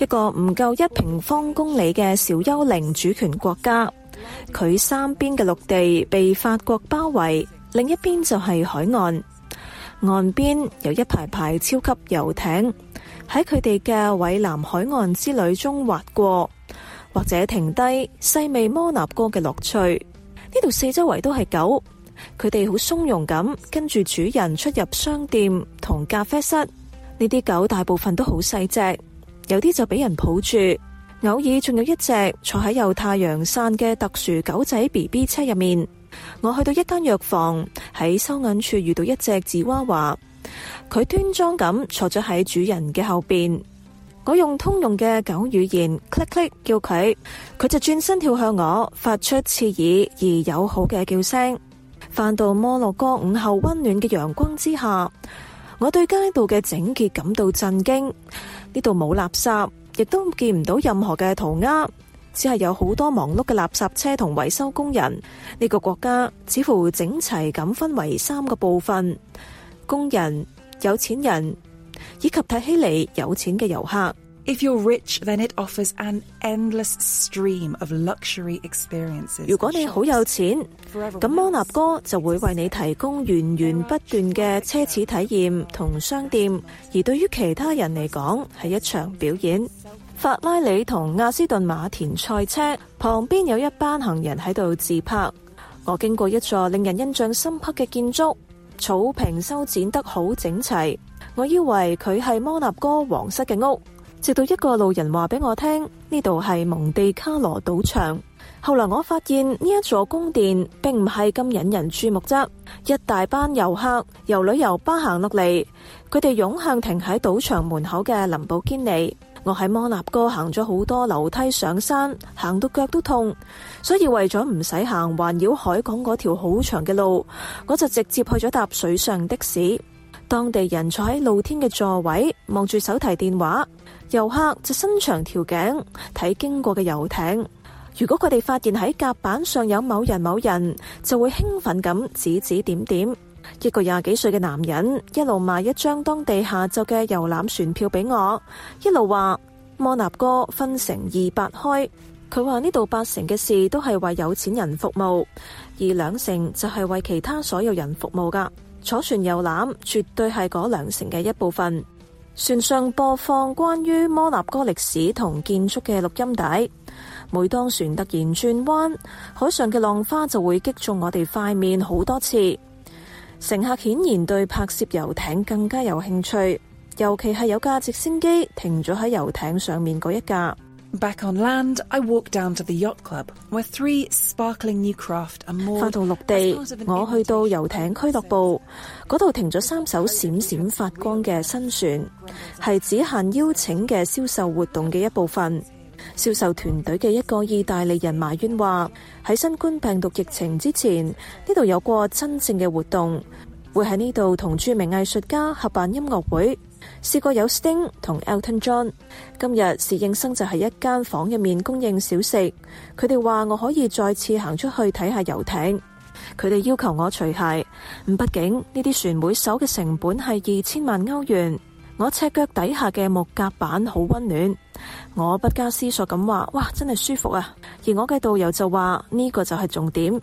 S5: 一個唔夠一平方公里嘅小幽靈主權國家，佢三邊嘅陸地被法國包圍，另一邊就係海岸，岸邊有一排排超級遊艇喺佢哋嘅蔚藍海岸之旅中滑過，或者停低細味摩納哥嘅樂趣。呢度四周圍都係狗，佢哋好鬆容咁跟住主人出入商店同咖啡室。呢啲狗大部分都好細隻。有啲就俾人抱住，偶爾仲有一隻坐喺有太陽傘嘅特殊狗仔 BB 車入面。我去到一間藥房，喺收銀處遇到一隻芝娃娃，佢端莊咁坐咗喺主人嘅後邊。我用通用嘅狗語言 click 叫佢，佢就轉身跳向我，發出刺耳而友好嘅叫聲。返到摩納哥午後溫暖嘅陽光之下，我對街道嘅整潔感到震驚。呢度冇垃圾，亦都見唔到任何嘅塗鴉，只係有好多忙碌嘅垃圾車同維修工人。呢個國家似乎整齊咁分為三個部分：工人、有錢人以及睇起嚟有錢嘅遊客。If you're rich, then it offers an endless stream of luxury experiences。如果你好有錢，咁 摩納哥就會為你提供源源不斷嘅奢侈體驗同商店。而對於其他人嚟講，係一場表演。法拉利同亞斯頓馬田賽車旁邊有一班行人喺度自拍。我經過一座令人印象深刻嘅建築，草坪修剪得好整齊。我以為佢係摩納哥皇室嘅屋。直到一個路人話俾我聽，呢度係蒙地卡羅賭場。後來我發現呢一座宮殿並唔係咁引人注目。啫，一大班遊客由旅遊巴行落嚟，佢哋湧向停喺賭場門口嘅林寶堅尼。我喺摩納哥行咗好多樓梯上山，行到腳都痛，所以為咗唔使行環繞海港嗰條好長嘅路，我就直接去咗搭水上的士。當地人坐喺露天嘅座位望住手提電話。遊客就伸長條頸睇經過嘅遊艇，如果佢哋發現喺甲板上有某人某人，就會興奮咁指指點點。一個廿幾歲嘅男人一路賣一張當地下晝嘅遊覽船票俾我，一路話摩納哥分成二八開。佢話呢度八成嘅事都係為有錢人服務，而兩成就係為其他所有人服務噶。坐船遊覽絕對係嗰兩成嘅一部分。船上播放關於摩納哥歷史同建築嘅錄音帶。每當船突然轉彎，海上嘅浪花就會擊中我哋塊面好多次。乘客顯然對拍攝遊艇更加有興趣，尤其係有架直升機停咗喺遊艇上面嗰一架。Back on land, I walked down to the yacht club, where three sparkling new craft 返到陸地，我去到遊艇俱樂部。嗰度停咗三艘閃閃發光嘅新船，係只限邀請嘅銷售活動嘅一部分。銷售團隊嘅一個意大利人埋怨話：喺新冠病毒疫情之前，呢度有過真正嘅活動，會喺呢度同著名藝術家合辦音樂會。試過有 Sting 同 Elton John。今日侍應生就係一間房入面供應小食。佢哋話我可以再次行出去睇下遊艇。佢哋要求我除鞋，畢竟呢啲船每艘嘅成本係二千萬歐元。我赤腳底下嘅木甲板好溫暖，我不加思索咁話：哇，真係舒服啊！而我嘅導遊就話呢個就係重點。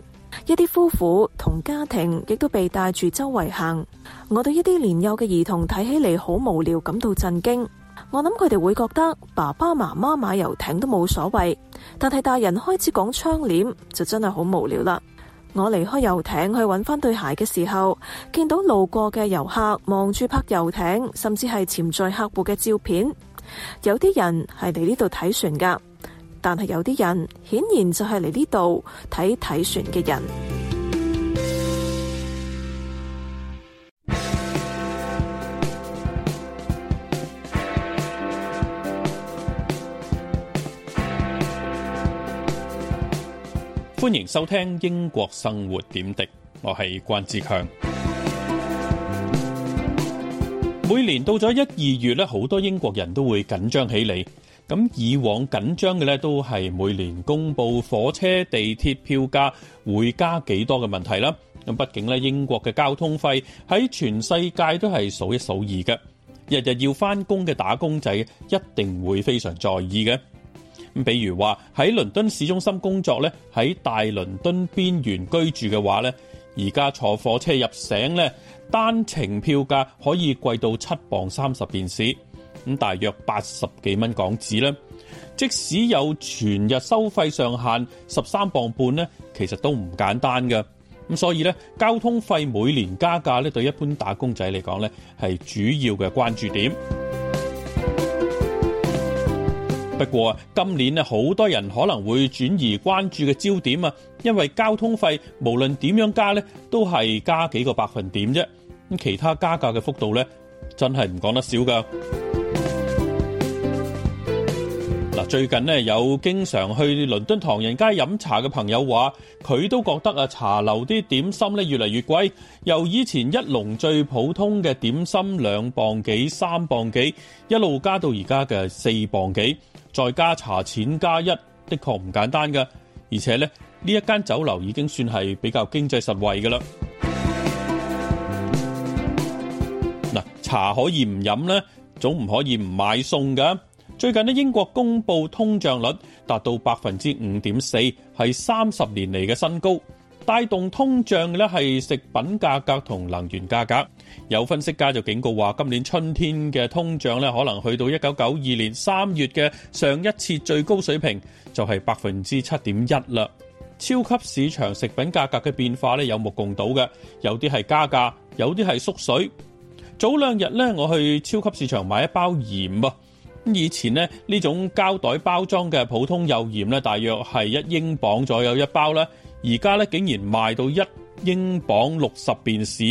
S5: 一啲夫婦同家庭亦都被帶住周圍行。我對一啲年幼嘅兒童睇起嚟好無聊感到震驚。我諗佢哋會覺得爸爸媽媽買遊艇都冇所謂，但係大人開始講窗簾就真係好無聊啦。我離開遊艇去揾返對鞋嘅時候，見到路過嘅遊客望住拍遊艇，甚至係潛在客戶嘅照片。有啲人係嚟呢度睇船㗎，但係有啲人顯然就係嚟呢度睇睇船嘅人。
S1: 歡迎收聽英國生活點滴，我係關志強。每年到咗一二月咧，好多英國人都會緊張起嚟，咁以往緊張嘅咧，都係每年公佈火車地鐵票價會加幾多嘅問題啦，畢竟呢，英國嘅交通費喺全世界都係數一數二嘅，日日要返工嘅打工仔一定會非常在意嘅。咁，比如話喺倫敦市中心工作咧，喺大倫敦邊緣居住嘅話咧，而家坐火車入城咧，單程票價可以貴到七磅三十便士，咁大約八十幾蚊港紙咧。即使有全日收費上限十三磅半咧，其實都唔簡單嘅。咁所以咧，交通費每年加價咧，對一般打工仔嚟講咧，係主要嘅關注點。不過今年咧，好多人可能會轉移關注嘅焦點啊，因為交通費無論點樣加呢，都係加幾個百分點啫。咁其他加價嘅幅度呢，真係唔講得少噶。嗱，最近咧有經常去倫敦唐人街飲茶嘅朋友話，佢都覺得啊茶樓啲點心咧越嚟越貴，由以前一籠最普通嘅點心兩磅幾三磅幾，一路加到而家嘅四磅幾，再加茶錢加一，的確唔簡單㗎。而且咧呢一間酒樓已經算係比較經濟實惠㗎啦。嗱、嗯，茶可以唔飲呢，總唔可以唔買餸㗎。最近呢，英國公布通脹率達到百分之五點四，係三十年嚟嘅新高，帶動通脹嘅咧係食品價格同能源價格。有分析家就警告話，今年春天嘅通脹咧，可能去到一九九二年三月嘅上一次最高水平就，就係百分之七點一啦。超級市場食品價格嘅變化咧，有目共睹嘅，有啲係加價，有啲係縮水。早兩日咧，我去超級市場買一包鹽啊。以前呢，呢種膠袋包裝嘅普通幼鹽呢，大約係一英鎊左右一包啦。而家呢，竟然賣到一英鎊六十便士。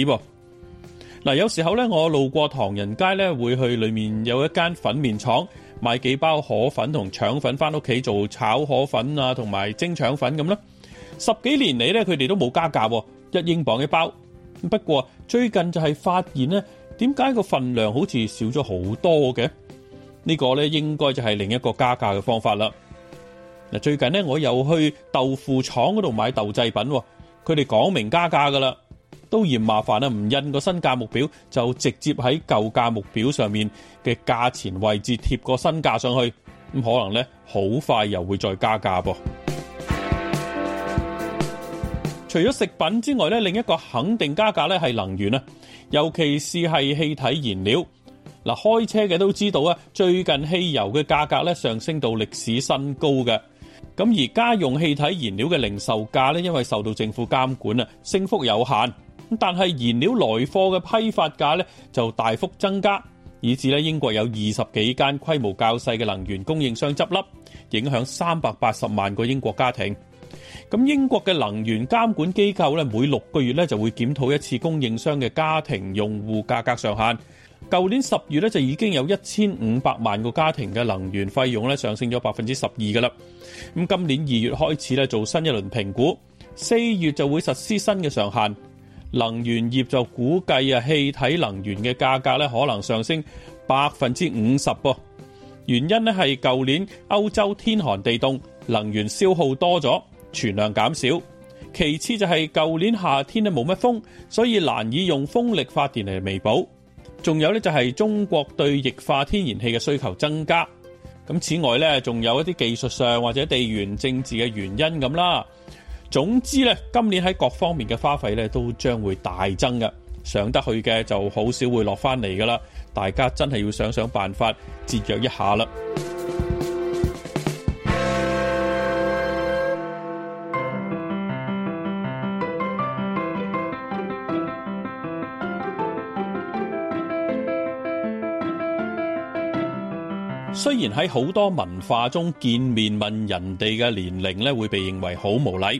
S1: 嗱，有時候呢，我路過唐人街呢，會去裏面有一間粉麵廠買幾包河粉同腸粉，翻屋企做炒河粉啊，同埋蒸腸粉咁啦。十幾年嚟呢，佢哋都冇加價，一英鎊一包。不過最近就係發現呢，點解個份量好似少咗好多嘅？呢個呢應該就係另一個加價嘅方法啦。嗱，最近呢，我又去豆腐廠嗰度買豆製品，佢哋講明加價噶啦，都嫌麻煩啊，唔印個新價目表，就直接喺舊價目表上面嘅價錢位置貼個新價上去，咁可能呢，好快又會再加價噃。 除咗食品之外呢，另一個肯定加價呢係能源啊，尤其是係氣體燃料。嗱，開車嘅都知道啊，最近汽油嘅價格咧上升到歷史新高嘅。咁而家用氣體燃料嘅零售價咧，因為受到政府監管啊，升幅有限。咁但係燃料來貨嘅批發價咧就大幅增加，以致咧英國有二十幾間規模較細嘅能源供應商執笠，影響三百八十萬個英國家庭。咁英國嘅能源監管機構咧，每六個月咧就會檢討一次供應商嘅家庭用戶價格上限。舊年十月咧，就已經有一千五百萬個家庭嘅能源費用咧上升咗百分之十二㗎喇。咁今年二月開始咧做新一輪評估，四月就會實施新嘅上限。能源業就估計啊，氣體能源嘅價格咧可能上升百分之五十噃。原因呢係舊年歐洲天寒地凍，能源消耗多咗，存量減少。其次就係舊年夏天呢冇乜風，所以難以用風力發電嚟彌補。仲有咧就係中國對液化天然氣嘅需求增加，咁此外咧仲有一啲技術上或者地緣政治嘅原因咁啦。總之咧，今年喺各方面嘅花費咧都將會大增噶，上得去嘅就好少會落翻嚟噶啦。大家真係要想想辦法節約一下啦。雖然喺好多文化中，見面問人哋嘅年齡咧，會被認為好無禮，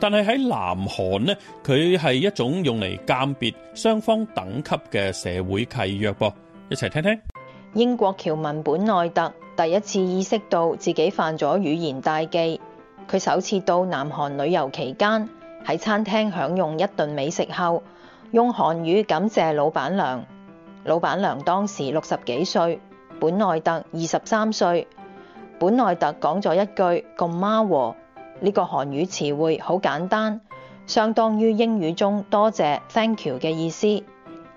S1: 但係喺南韓咧，佢係一種用嚟鑑別雙方等級嘅社會契約噃。一齊聽聽。
S3: 英國僑民本內特第一次意識到自己犯咗語言大忌。佢首次到南韓旅遊期間，喺餐廳享用一頓美食後，用韓語感謝老闆娘。老闆娘當時六十幾歲。本奈特二十三歲，本奈特講咗一句「咁媽和」呢個韓語詞彙好簡單，相當於英語中多謝「thank you」嘅意思。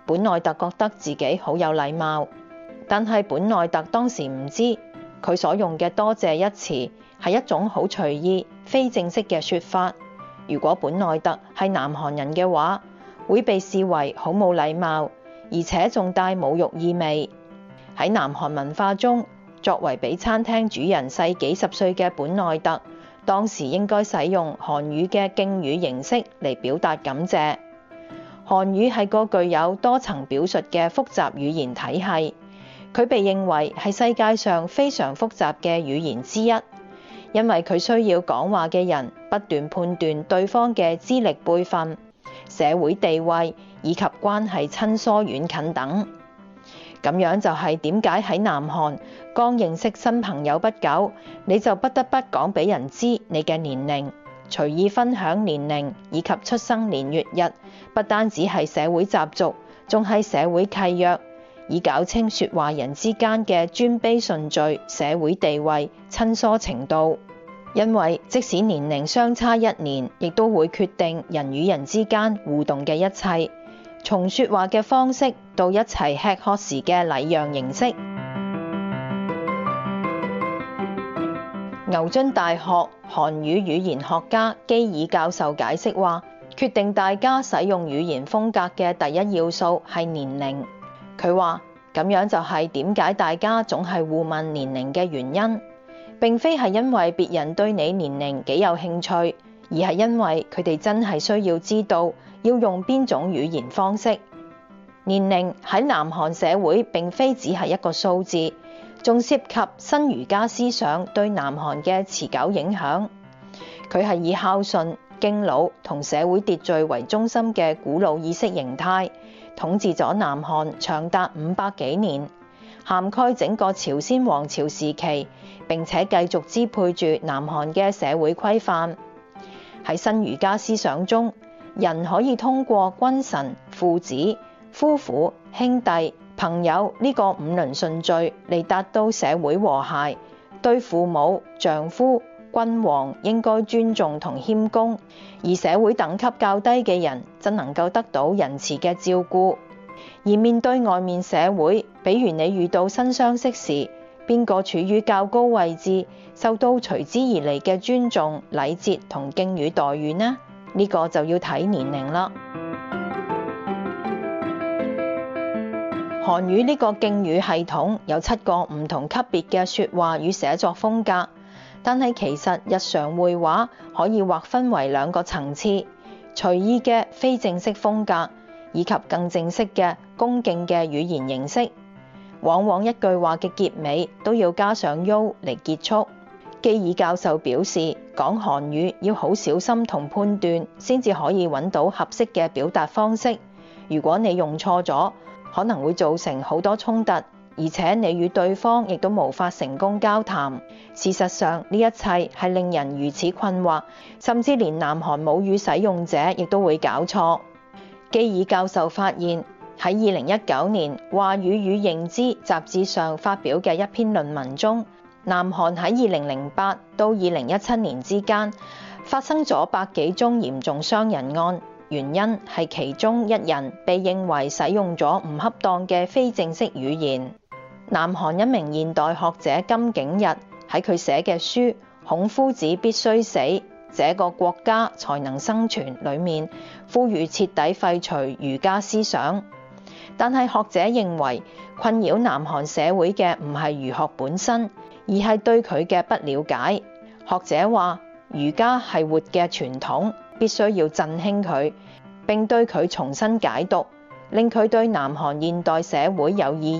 S3: 本奈特覺得自己好有禮貌，但係本奈特當時唔知佢所用嘅多謝一詞係一種好隨意、非正式嘅說法。如果本奈特係南韓人嘅話，會被視為好冇禮貌，而且仲帶侮辱意味。喺南韓文化中，作為比餐廳主人細幾十歲嘅本內特，當時應該使用韓語嘅敬語形式嚟表達感謝。韓語係個具有多層表述嘅複雜語言體系，佢被認為係世界上非常複雜嘅語言之一，因為佢需要講話嘅人不斷判斷對方嘅資歷、輩分、社會地位以及關係親疏遠近等。咁樣就係點解喺南韓，剛認識新朋友不久，你就不得不講俾人知你嘅年齡，隨意分享年齡以及出生年月日。不單止係社會習俗，仲係社會契約，以搞清說話人之間嘅尊卑順序、社會地位、親疏程度。因為即使年齡相差一年，亦都會決定人與人之間互動嘅一切。從説話嘅方式到一齊吃喝時嘅禮讓形式，牛津大學韓語語言學家基爾教授解釋話，決定大家使用語言風格嘅第一要素係年齡。佢話，咁樣就係點解大家總係互問年齡嘅原因，並非係因為別人對你年齡幾有興趣，而係因為佢哋真係需要知道。要用邊種語言方式？年齡喺南韓社會並非只係一個數字，仲涉及新儒家思想對南韓嘅持久影響。佢係以孝順、敬老同社會秩序為中心嘅古老意識形態，統治咗南韓長達五百幾年，涵蓋整個朝鮮王朝時期，並且繼續支配住南韓嘅社會規範。喺新儒家思想中，人可以通過君臣、父子、夫婦、兄弟、朋友呢個五倫順序嚟達到社會和諧。對父母、丈夫、君王應該尊重同謙恭，而社會等級較低嘅人則能夠得到仁慈嘅照顧。而面對外面社會，比如你遇到新相識時，邊個處於較高位置，受到隨之而嚟嘅尊重、禮節同敬語待遇呢？呢個就要睇年齡啦。韓語呢個敬語系統有七個唔同級別嘅説話與寫作風格，但係其實日常會話可以劃分為兩個層次：隨意嘅非正式風格，以及更正式嘅恭敬嘅語言形式。往往一句話嘅結尾都要加上「yo」嚟結束。基爾教授表示，講韓語要好小心同判斷，先至可以揾到合適嘅表達方式。如果你用錯咗，可能會造成好多衝突，而且你與對方亦都無法成功交談。事實上，呢一切係令人如此困惑，甚至連南韓母語使用者亦都會搞錯。基爾教授發現喺二零一九年《話語與認知》雜誌上發表嘅一篇論文中。南韓喺二零零八到二零一七年之間發生咗百幾宗嚴重傷人案，原因係其中一人被認為使用咗唔恰當嘅非正式語言。南韓一名現代學者金景日喺佢寫嘅書《孔夫子必須死，這個國家才能生存》裏面呼籲徹底廢除儒家思想，但係學者認為困擾南韓社會嘅唔係儒學本身。而係對佢嘅不了解。學者話，儒家係活嘅傳統，必須要振興佢，並對佢重新解讀，令佢對南韓現代社會有意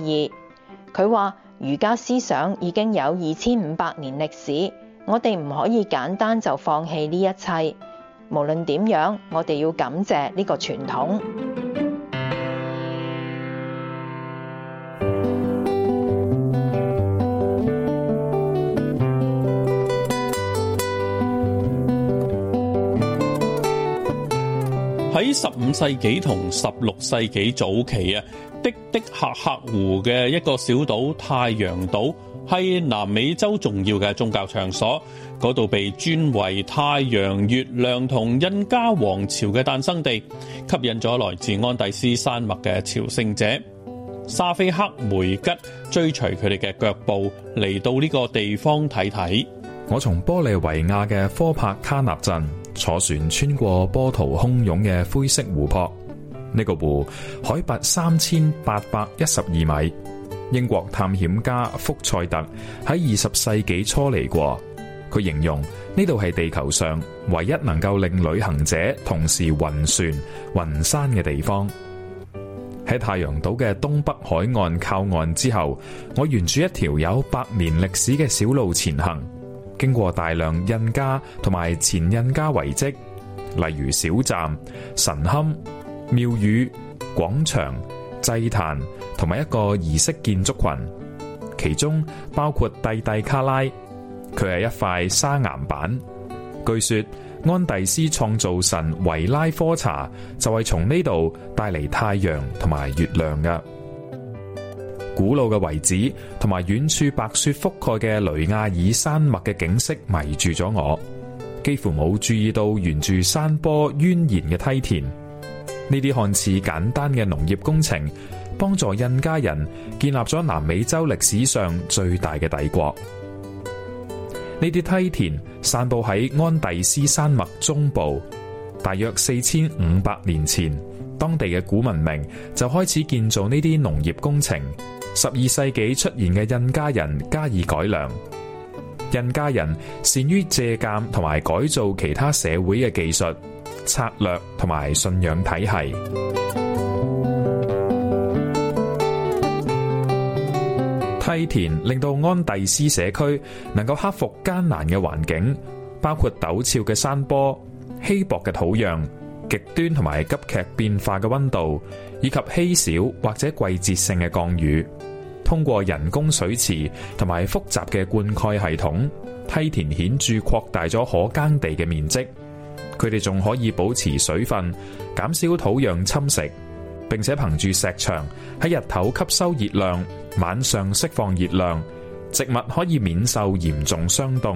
S3: 義。佢話，儒家思想已經有二千五百年歷史，我哋唔可以簡單就放棄呢一切。無論點樣，我哋要感謝呢個傳統。
S1: 喺十五世紀同十六世紀早期啊，的的喀喀湖嘅一個小島太陽島，係南美洲重要嘅宗教場所。嗰度被尊為太陽、月亮同印加王朝嘅誕生地，吸引咗來自安第斯山脈嘅朝聖者。沙菲克梅吉追隨佢哋嘅腳步嚟到呢個地
S4: 方睇睇。我從玻利維亞嘅科帕卡納鎮。坐船穿過波濤洶湧嘅灰色湖泊，呢、這個湖海拔三千八百一十二米。英國探險家福賽特喺二十世紀初嚟過，佢形容呢度係地球上唯一能夠令旅行者同時暈船、暈山嘅地方。喺太陽島嘅東北海岸靠岸之後，我沿住一條有百年歷史嘅小路前行。經過大量印加同埋前印加遺跡，例如小站、神龕、廟宇、廣場、祭壇同埋一個儀式建築群，其中包括蒂蒂卡拉，佢係一塊砂岩板。據說安第斯創造神維拉科查就係從呢度帶嚟太陽同埋月亮㗎。古老嘅遺址同埋遠處白雪覆蓋嘅雷亞爾山脈嘅景色迷住咗我，幾乎冇注意到沿住山坡蜿蜒嘅梯田。呢啲看似簡單嘅農業工程，幫助印加人建立咗南美洲歷史上最大嘅帝國。呢啲梯田散布喺安第斯山脈中部，大約四千五百年前，當地嘅古文明就開始建造呢啲農業工程。十二世紀出現嘅印加人加以改良。印加人善於借鑒同埋改造其他社會嘅技術、策略同埋信仰體系。梯 田令到安第斯社區能夠克服艱難嘅環境，包括陡峭嘅山坡、稀薄嘅土壤、極端同埋急劇變化嘅温度，以及稀少或者季節性嘅降雨。通過人工水池同埋複雜嘅灌溉系統，梯田顯著擴大咗可耕地嘅面積。佢哋仲可以保持水分，減少土壤侵蝕，並且憑住石牆喺日頭吸收熱量，晚上釋放熱量，植物可以免受嚴重霜凍。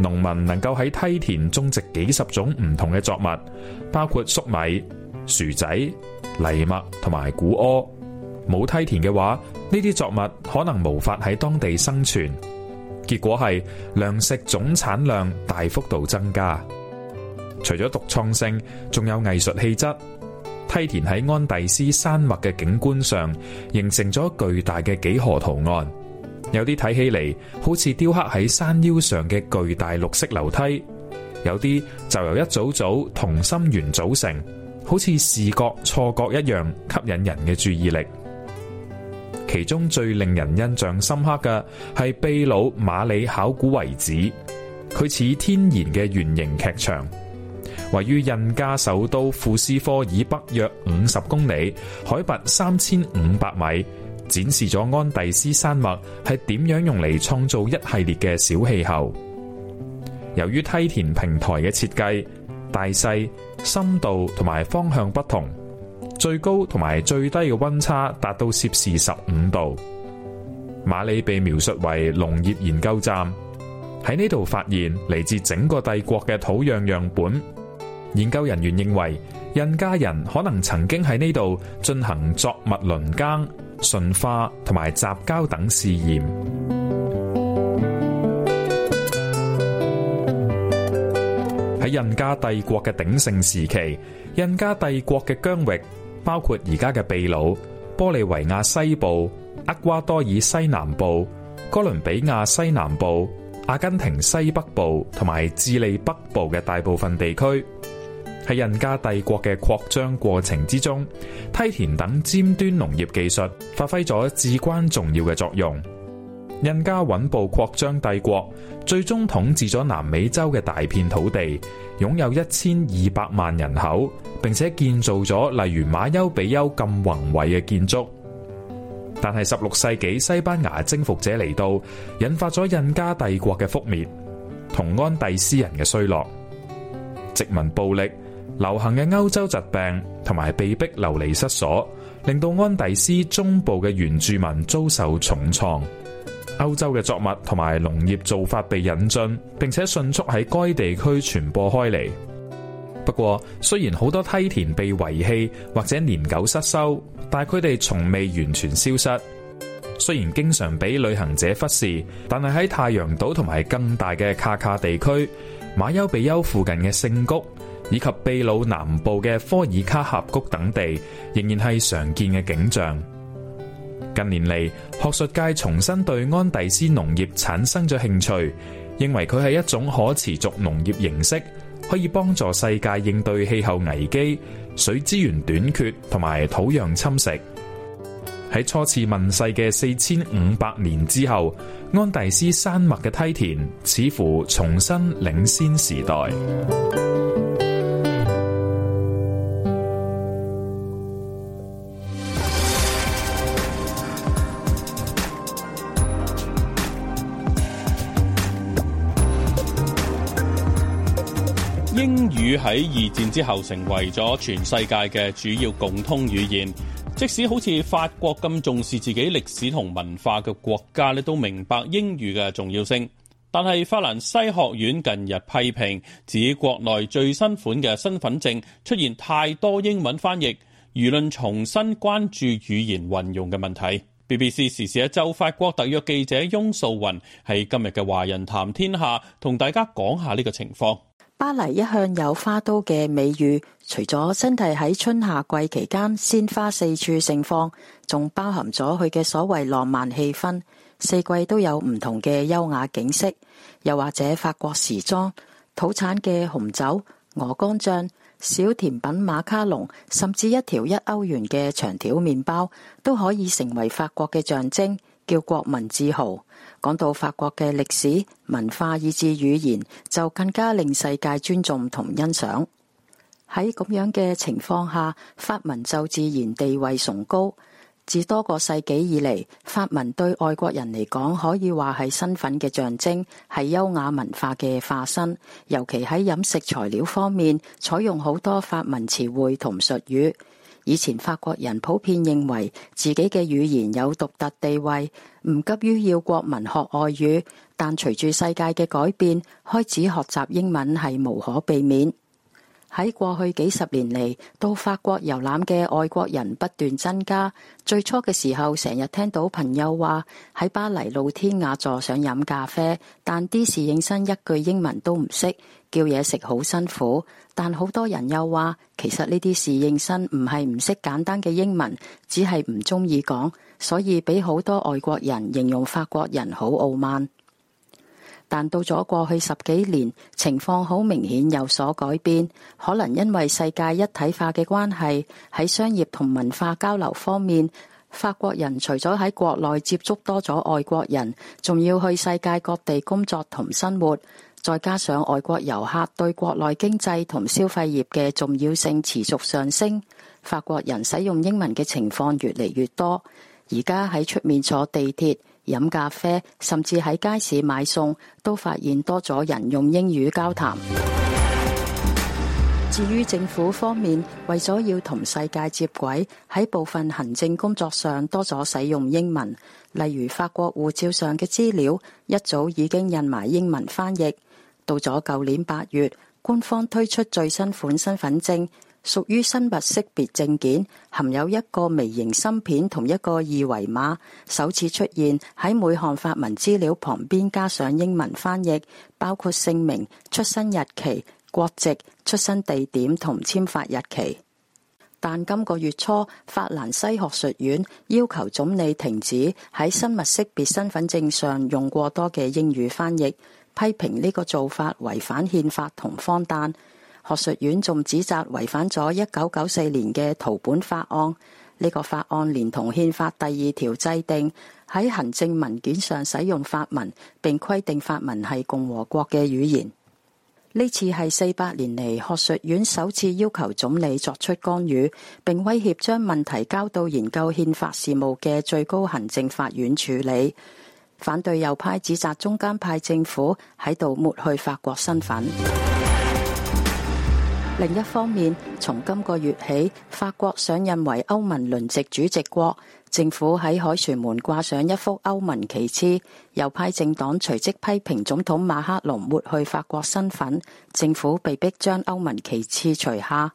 S4: 農民能夠喺梯田種植幾十種唔同嘅作物，包括粟米、薯仔、藜麥同埋古柯。冇梯田嘅話，呢啲作物可能無法喺當地生存。結果係糧食總產量大幅度增加。除咗獨創性，仲有藝術氣質。梯田喺安第斯山脈嘅景觀上形成咗巨大嘅幾何圖案，有啲睇起嚟好似雕刻喺山腰上嘅巨大綠色樓梯，有啲就由一組組同心圓組成，好似視覺錯覺一樣，吸引人嘅注意力。其中最令人印象深刻嘅係秘魯馬里考古遺址，佢似天然嘅圓形劇場，位於印加首都庫斯科以北約五十公里，海拔三千五百米，展示咗安第斯山脈係點樣用嚟創造一系列嘅小氣候。由於梯田平台嘅設計、大細、深度同埋方向不同，最高同埋最低嘅溫差達到攝氏十五度。馬里被描述為農業研究站，喺呢度發現嚟自整個帝國嘅土壤樣本。研究人員認為印加人，人可能曾經喺呢度進行作物輪耕、馴化同埋雜交等試驗。喺印加帝國嘅鼎盛時期，印加帝國嘅疆域。包括而家嘅秘魯、玻利維亞西部、厄瓜多爾西南部、哥倫比亞西南部、阿根廷西北部同埋智利北部嘅大部分地區，喺印加帝國嘅擴張過程之中，梯田等尖端農業技術發揮咗至關重要嘅作用。印加穩步擴張帝國，最終統治咗南美洲嘅大片土地，擁有一千二百萬人口。並且建造咗例如馬丘比丘咁宏偉嘅建築，但係十六世紀西班牙征服者嚟到，引發咗印加帝國嘅覆滅，同安第斯人嘅衰落、殖民暴力、流行嘅歐洲疾病同埋被迫流離失所，令到安第斯中部嘅原住民遭受重創。歐洲嘅作物同埋農業做法被引進，並且迅速喺該地區傳播開嚟。不過，雖然好多梯田被遺棄或者年久失修，但佢哋從未完全消失。雖然經常俾旅行者忽視，但係喺太陽島同埋更大嘅卡卡地區、馬丘比丘附近嘅聖谷以及秘魯南部嘅科爾卡峽谷等地，仍然係常見嘅景象。近年嚟，學術界重新對安第斯農業產生咗興趣，認為佢係一種可持續農業形式。可以幫助世界應對氣候危機、水資源短缺同埋土壤侵蝕。喺初次問世嘅四千五百年之後，安第斯山脈嘅梯田似乎重新領先時代。
S1: 語喺二戰之後成為咗全世界嘅主要共通語言，即使好似法國咁重視自己歷史同文化嘅國家咧，都明白英語嘅重要性。但係法蘭西學院近日批評，指國內最新款嘅身份證出現太多英文翻譯，輿論重新關注語言運用嘅問題。BBC 時事一周法國特約記者翁素雲喺今日嘅《華人談天下》同大家講下呢個情況。
S2: 巴黎一向有花都嘅美譽，除咗真係喺春夏季期間鮮花四處盛放，仲包含咗佢嘅所謂浪漫氣氛。四季都有唔同嘅優雅景色，又或者法國時裝、土產嘅紅酒、鵝肝醬、小甜品馬卡龍，甚至一條一歐元嘅長條麵包，都可以成為法國嘅象徵，叫國民自豪。講到法國嘅歷史文化以至語言，就更加令世界尊重同欣賞。喺咁樣嘅情況下，法文就自然地位崇高。自多個世紀以嚟，法文對外國人嚟講可以話係身份嘅象徵，係優雅文化嘅化身。尤其喺飲食材料方面，採用好多法文詞彙同術語。以前法國人普遍認為自己嘅語言有獨特地位，唔急於要國民學外語，但隨住世界嘅改變，開始學習英文係無可避免。喺過去幾十年嚟，到法國遊覽嘅外國人不斷增加。最初嘅時候，成日聽到朋友話喺巴黎露天雅座想飲咖啡，但啲侍應生一句英文都唔識，叫嘢食好辛苦。但好多人又話，其實呢啲侍應生唔係唔識簡單嘅英文，只係唔中意講，所以畀好多外國人形容法國人好傲慢。但到咗過去十幾年，情況好明顯有所改變。可能因為世界一體化嘅關係，喺商業同文化交流方面，法國人除咗喺國內接觸多咗外國人，仲要去世界各地工作同生活。再加上外國遊客對國內經濟同消費業嘅重要性持續上升，法國人使用英文嘅情況越嚟越多。而家喺出面坐地鐵，飲咖啡，甚至喺街市買餸，都發現多咗人用英語交談。至於政府方面，為咗要同世界接軌，喺部分行政工作上多咗使用英文，例如法國護照上嘅資料一早已經印埋英文翻譯。到咗舊年八月，官方推出最新款身份證。屬於生物識別證件，含有一個微型芯片同一個二維碼。首次出現喺每項法文資料旁邊，加上英文翻譯，包括姓名、出生日期、國籍、出生地點同簽發日期。但今個月初，法蘭西學術院要求總理停止喺生物識別身份證上用過多嘅英語翻譯，批評呢個做法違反憲法同荒誕。學術院仲指責違反咗一九九四年嘅圖本法案，呢、這個法案連同憲法第二條制定喺行政文件上使用法文，並規定法文係共和國嘅語言。呢次係四百年嚟學術院首次要求總理作出干預，並威脅將問題交到研究憲法事務嘅最高行政法院處理。反對右派指責中間派政府喺度抹去法國身份。另一方面，從今個月起，法國上任為歐盟輪值主席國，政府喺凱旋門掛上一幅歐盟旗幟，右派政黨隨即批評總統馬克龍抹去法國身份，政府被迫將歐盟旗幟除下。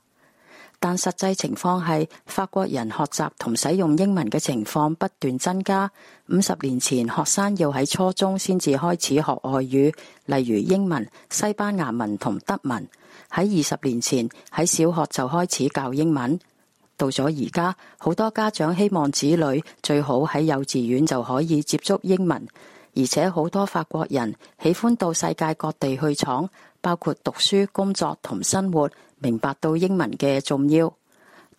S2: 但實際情況係法國人學習同使用英文嘅情況不斷增加。五十年前，學生要喺初中先至開始學外語，例如英文、西班牙文同德文。喺二十年前，喺小學就開始教英文。到咗而家，好多家長希望子女最好喺幼稚園就可以接觸英文，而且好多法國人喜歡到世界各地去闖，包括讀書工作同生活。明白到英文嘅重要。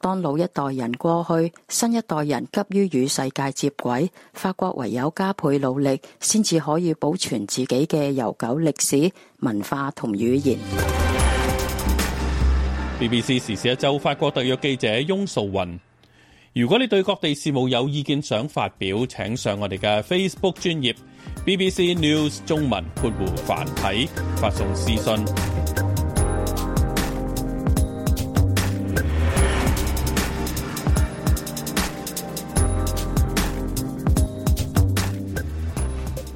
S2: 當老一代人過去，新一代人急於與世界接軌，法國唯有加倍努力，先至可以保存自己嘅悠久歷史、文化同語言。
S1: BBC 時事一周，法國特約記者雍素云。如果你對各地事務有意見想發表，請上我哋嘅 Facebook 專頁，BBC News 中文括弧繁體，發送私信。